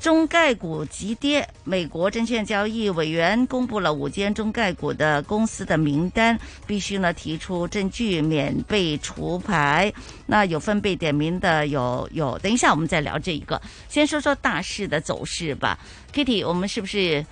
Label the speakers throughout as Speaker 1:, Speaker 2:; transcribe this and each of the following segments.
Speaker 1: 中概股急跌，美國證券交易委員公布了五間中概股的公司的名單，必須呢提出證據免被除牌。那有份被點名的有有，等一下我們再聊這一個。先說說大市的走勢吧，Kitty，我們是不是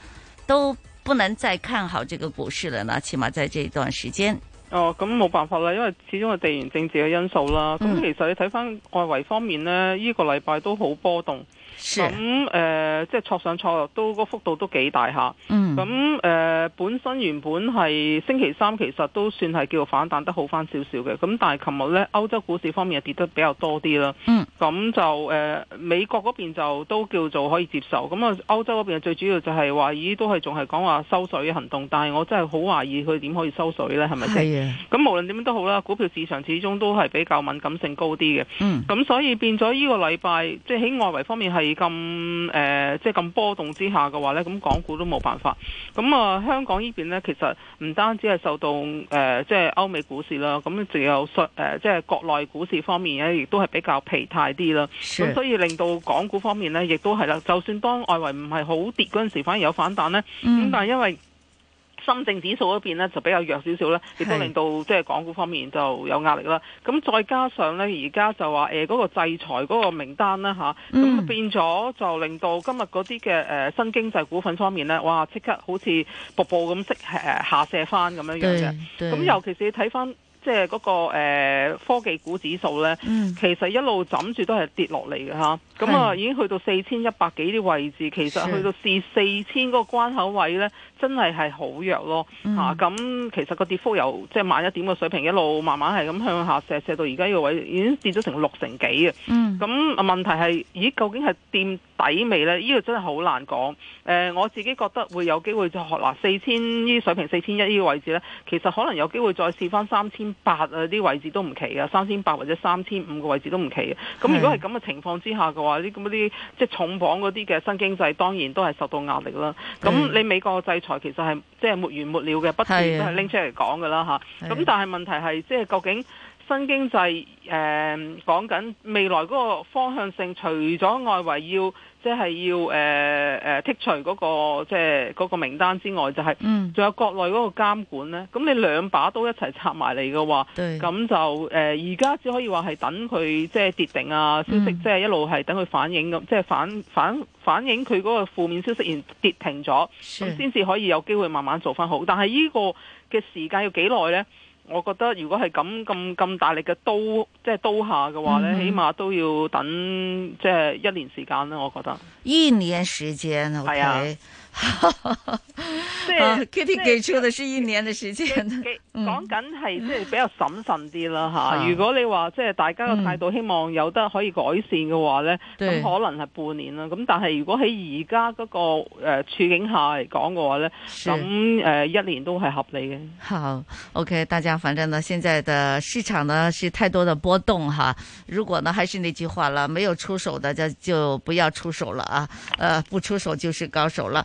Speaker 1: 都不能再看好這個股市了呢？起碼在這段時間。哦，
Speaker 2: 咁冇辦法啦，因為始終係地緣政治嘅因素啦。咁、嗯、其實你睇翻外圍方面呢，呢、呢個禮拜都好波動。咁誒、啊嗯嗯，即係挫上挫落都個幅度都幾大下。咁誒，本身原本係星期三其實都算係叫反彈得好翻少少嘅。咁但係琴日咧，歐洲股市方面係跌得比較多啲啦。咁就誒，美國嗰邊就都叫做可以接受。咁啊，歐洲嗰邊最主要就係話，咦都係仲係講話收水嘅行動，但係我真係好懷疑佢點可以收水咧，係咪先？咁、啊、無論點樣都好啦，股票市場始終都係比較敏感性高啲嘅。咁、嗯嗯、所以變咗呢個禮拜，即係喺外圍方面係。咁誒，即係咁波動之下嘅話呢，咁港股都冇辦法。咁、嗯、啊，香港呢邊呢，其實唔單止係受到、呃、即係歐美股市啦，咁仲有誒、呃，即係國內股市方面呢，亦都係比較疲態啲啦。咁、sure. 所以令到港股方面呢，亦都係啦。就算當外圍唔係好跌嗰陣時，反而有反彈呢。咁、mm. 但係因為深證指數嗰邊咧就比較弱少少啦，亦都令到即係港股方面就有壓力啦。咁再加上咧，而家就話誒嗰個制裁嗰個名單啦吓，咁變咗就令到今日嗰啲嘅誒新經濟股份方面咧，哇！即刻好似瀑布咁即係下瀉翻咁樣樣嘅。咁尤其是你睇翻。即係嗰、那個、呃、科技股指數咧、嗯，其實一路枕住都係跌落嚟嘅哈，咁啊已經去到四千一百幾啲位置，其實去到四四千嗰個關口位咧，真係係好弱咯嚇。咁、嗯啊、其實個跌幅由即係萬一點嘅水平一路慢慢係咁向下瀉瀉到而家呢個位，已經跌咗成六成幾嘅。咁、嗯啊、問題係咦，究竟係掂？底尾呢，呢、呢個真係好難講。誒、呃，我自己覺得會有機會就學嗱，四千呢水平，四千一呢個位置呢，其實可能有機會再試翻三千八啊啲位置都唔奇啊，三千八或者三千五個位置都唔奇嘅。咁如果係咁嘅情況之下嘅話，啲咁啲即係重磅嗰啲嘅新經濟當然都係受到壓力啦。咁你美國制裁其實係即係沒完沒了嘅，不斷都係拎出嚟講㗎啦吓，咁但係問題係即係究竟？新經濟誒講緊未來嗰個方向性，除咗外圍要即係、就是、要誒誒、呃呃、剔除嗰、那個即係嗰個名單之外，就係、是、仲、嗯、有國內嗰個監管咧。咁你兩把刀一齊插埋嚟嘅話，咁就誒而家只可以話係等佢即係跌停啊、嗯、消息，即係一路係等佢反應咁，即係反反反映佢嗰、就是、個負面消息而跌停咗，咁先至可以有機會慢慢做翻好。但係呢個嘅時間要幾耐咧？我覺得如果係咁咁咁大力嘅刀，即係刀下嘅話咧，嗯，起碼都要等即係一年時間啦。我覺得
Speaker 1: 一年時間，okay，係啊。
Speaker 2: 即係 Kitty 給出的是一年的時間，講緊係即係比較審慎啲啦吓。如果你話即係大家嘅態度，希望有得可以改善嘅話咧，咁、啊嗯、可能係半年啦。咁但係如果喺而家嗰個誒、呃、處境下嚟講嘅話咧，咁誒、呃、一年都係合理嘅。
Speaker 1: 好 OK，大家反正呢現在的市場呢是太多的波動哈。如果呢還是那句話啦，沒有出手的就就不要出手了啊、呃。不出手就是高手了。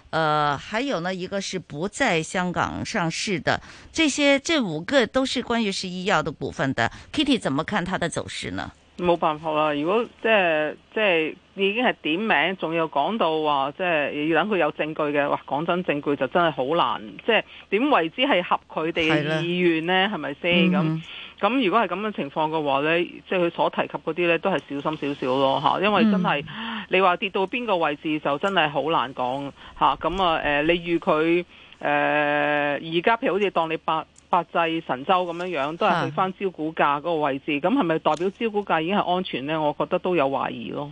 Speaker 1: 呃，還有呢，一個是不在香港上市的，這些這五個都是關於是醫藥的股份的。 Kitty 怎麼看它的走勢呢？
Speaker 2: 冇辦法啦，如果即係即係已經係點名，仲要講到話即係要等佢有證據嘅，哇！講真，證據就真係好難，即係點為之係合佢哋嘅意願呢？係咪先咁？是咁如果係咁嘅情況嘅話呢，即係佢所提及嗰啲呢，都係小心少少咯，因為真係你話跌到邊個位置就真係好難講。咁啊你預佢誒而家譬如好似當你百百濟神州咁樣，都係去翻招股價嗰個位置，咁係咪代表招股價已經係安全呢？我覺得都
Speaker 1: 有懷疑咯。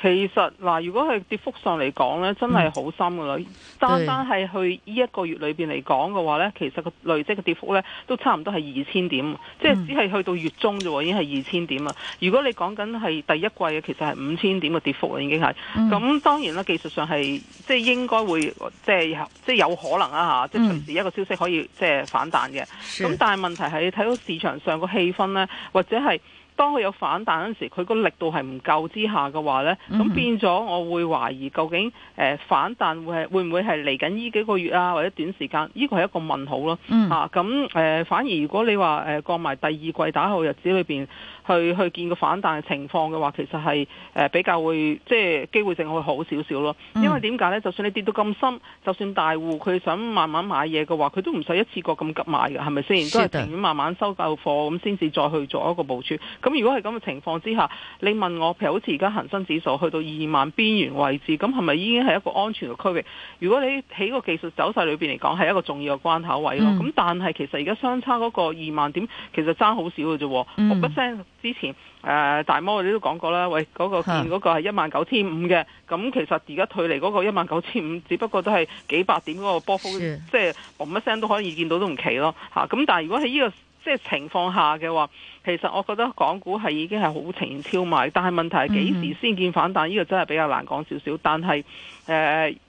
Speaker 2: 其實嗱、啊，如果係跌幅上嚟講咧、嗯，真係好深噶啦。單單係去呢一個月裏面嚟講嘅話咧，其實個累積嘅跌幅咧，都差唔多係二千點，嗯、即係只係去到月中啫，已經係二千點啦。如果你講緊係第一季嘅，其實係五千點嘅跌幅啊，已經係。咁當然啦，技術上係即係應該會即係即係有可能啊嚇，即係隨時一個消息可以即係反彈嘅。咁、嗯、但係問題係你睇、sure. 到市場上個氣氛咧，或者係。當佢有反彈嗰時候，佢個力度係唔夠之下嘅話呢，咁變咗我會懷疑究竟誒、呃、反彈會係會唔會係嚟緊呢幾個月啊，或者短時間？呢個係一個問號咯嚇。咁、嗯、誒、啊呃、反而如果你話誒、呃、過埋第二季打後日子裏面去去見個反彈嘅情況嘅話，其實係、呃、比較會即係機會性會好少少咯。因為點解呢？就算你跌到咁深，就算大戶佢想慢慢買嘢嘅話，佢都唔使一次過咁急買嘅，係咪先？都係情願慢慢收夠貨咁先至再去做一個部署。咁如果係咁嘅情況之下，你問我譬如好似而家恒生指數去到二萬邊緣位置，咁係咪已經係一個安全嘅區域？如果你喺個技術走勢裏面嚟講，係一個重要嘅關口位咯。咁、嗯、但係其實而家相差嗰個二萬點，其實爭好少嘅啫。噉一聲之前，誒、呃、大摩我哋都講過啦，喂嗰、那個見嗰個係一萬九千五嘅，咁其實而家退離嗰個一萬九千五，只不過都係幾百點嗰個波幅，即係噉一聲都可以見到都唔奇咯。嚇！咁但係如果喺呢、這個即係情況下嘅話，其實我覺得港股係已經係好情超賣，但係問題係幾時先見反彈？呢個真係比較難講少少，但係誒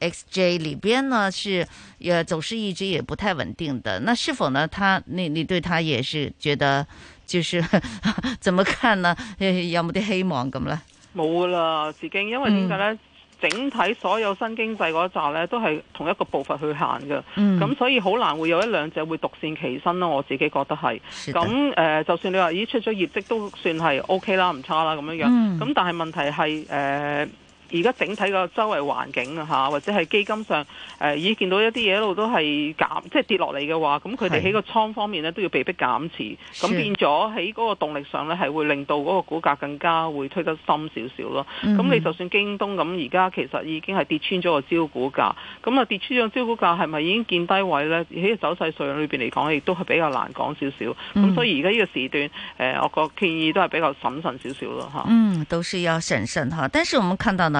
Speaker 1: XJ 裏邊呢是，誒走勢一直也不太穩定的。那是否呢？他你你對他也是覺得，就是呵呵，怎麼看呢？有冇啲希望咁呢？
Speaker 2: 冇啦，自經，因為點解呢、嗯？整體所有新經濟嗰一集呢，都係同一個步伐去行噶，咁、嗯、所以好難會有一兩者會獨善其身咯。我自己覺得係。咁誒，就算你話咦出咗業績都算係 OK 啦，唔差啦咁樣樣。咁、嗯、但係問題係誒。呃而家整體個周圍環境啊，或者係基金上誒已經、呃、見到一啲嘢一路都係減，即、就、係、是、跌落嚟嘅話，咁佢哋喺個倉方面呢都要被迫減持，咁變咗喺嗰個動力上呢，係會令到嗰個股價更加會推得深少少咯。咁、嗯、你就算京東咁而家其實已經係跌穿咗個招股價，咁、嗯、啊跌穿咗招股價係咪已經見低位呢？喺個走勢上裏裏邊嚟講，亦都係比較難講少少。咁、嗯、所以而家呢個時段誒、呃，我個建議都係比
Speaker 1: 較審慎少少咯嗯，都是要審慎。但是我們看到呢。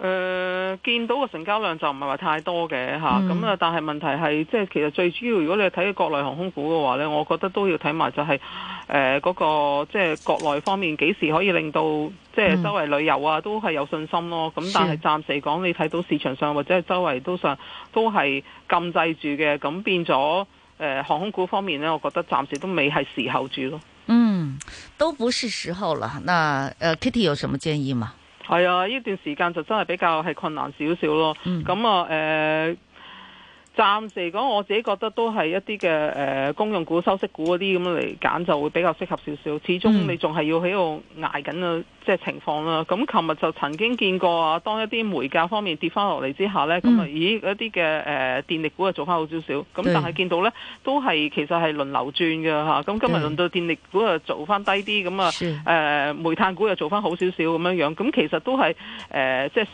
Speaker 2: 誒、呃，見到個成交量就唔係話太多嘅吓，咁、嗯、啊，但係問題係，即係其實最主要，如果你睇國內航空股嘅話呢，我覺得都要睇埋就係、是、誒，嗰、呃那個即係國內方面幾時可以令到即係、嗯、周圍旅遊啊都係有信心咯。咁但係暫時講，你睇到市場上或者係周圍都上都係禁制住嘅，咁變咗誒、呃、航空股方面呢，我覺得暫時都未係時候住咯。嗯，
Speaker 1: 都不是時候啦。那 Kitty 有什麼建議嗎？
Speaker 2: 係啊，呢段時間就真係比較係困難少少咯。咁、嗯、啊，誒、呃。暫時嚟講，我自己覺得都係一啲嘅誒公用股、收息股嗰啲咁嚟揀就會比較適合少少。始終你仲係要喺度捱緊嘅即係情況啦。咁琴日就曾經見過啊，當一啲煤價方面跌翻落嚟之下呢，咁、嗯、啊，咦，一啲嘅誒電力股啊做翻好少少。咁、嗯、但係見到呢，都係其實係輪流轉嘅嚇。咁今日輪到電力股啊做翻低啲，咁、呃、啊煤炭股又做翻好少少咁樣樣。咁其實都係誒即係。呃即係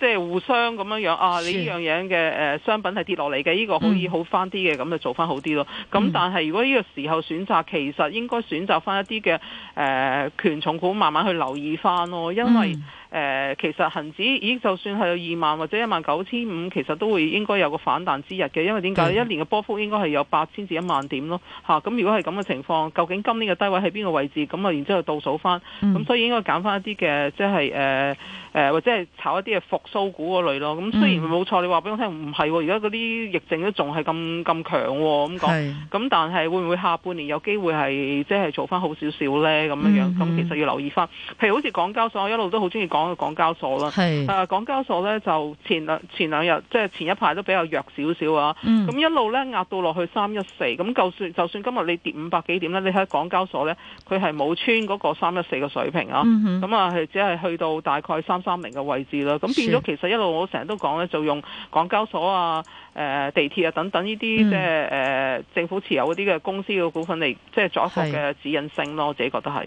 Speaker 2: 即係互相咁樣樣啊！你呢樣樣嘅誒商品係跌落嚟嘅，呢個可以好翻啲嘅，咁、嗯、就做翻好啲咯。咁但係如果呢個時候選擇，其實應該選擇翻一啲嘅誒權重股，慢慢去留意翻咯，因為。誒、呃，其實恒指已經就算係有二萬或者一萬九千五，其實都會應該有個反彈之日嘅，因為點解、嗯、一年嘅波幅應該係有八千至一萬點咯，嚇、啊、咁如果係咁嘅情況，究竟今年嘅低位喺邊個位置？咁啊，然之後倒數翻，咁所以應該揀翻一啲嘅，即係誒誒或者係炒一啲嘅復甦股嗰類咯。咁雖然冇錯，你話俾我聽唔係喎，而家嗰啲疫症都仲係咁咁強喎，咁講，咁但係會唔會下半年有機會係即係做翻好少少咧？咁樣樣，咁、嗯、其實要留意翻，譬如好似港交所，我一路都好中意講。講港交所啦，係啊，港交所咧，就前兩前兩日即係前一排都比較弱少少啊，咁、嗯、一路咧，壓到落去三一四，咁就算就算今日你跌五百幾點咧，你喺港交所咧，佢係冇穿嗰個三一四嘅水平啊，咁啊係只係去到大概三三零嘅位置啦，咁變咗其實一路我成日都講咧，就用港交所啊、誒、呃、地鐵啊等等呢啲即係誒政府持有嗰啲嘅公司嘅股份嚟，即係作一個嘅指引性咯，我自己覺得係。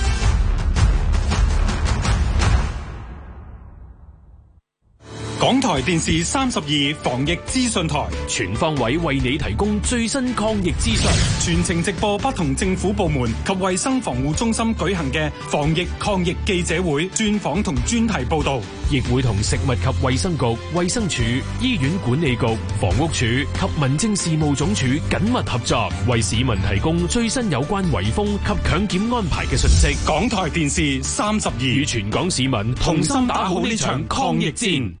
Speaker 3: 港台電視三十二，防疫資訊台全方位為你提供最新抗疫資訊，全程直播不同政府部門及衛生防護中心舉行嘅防疫抗疫記者會、專訪同專題報道，亦會同食物及衛生局、衛生署、醫院管理局、房屋署及民政事務總署緊密合作，為市民提供最新有關圍封及強檢安排嘅信息。港台電視三十二與全港市民同心打好呢場抗疫戰。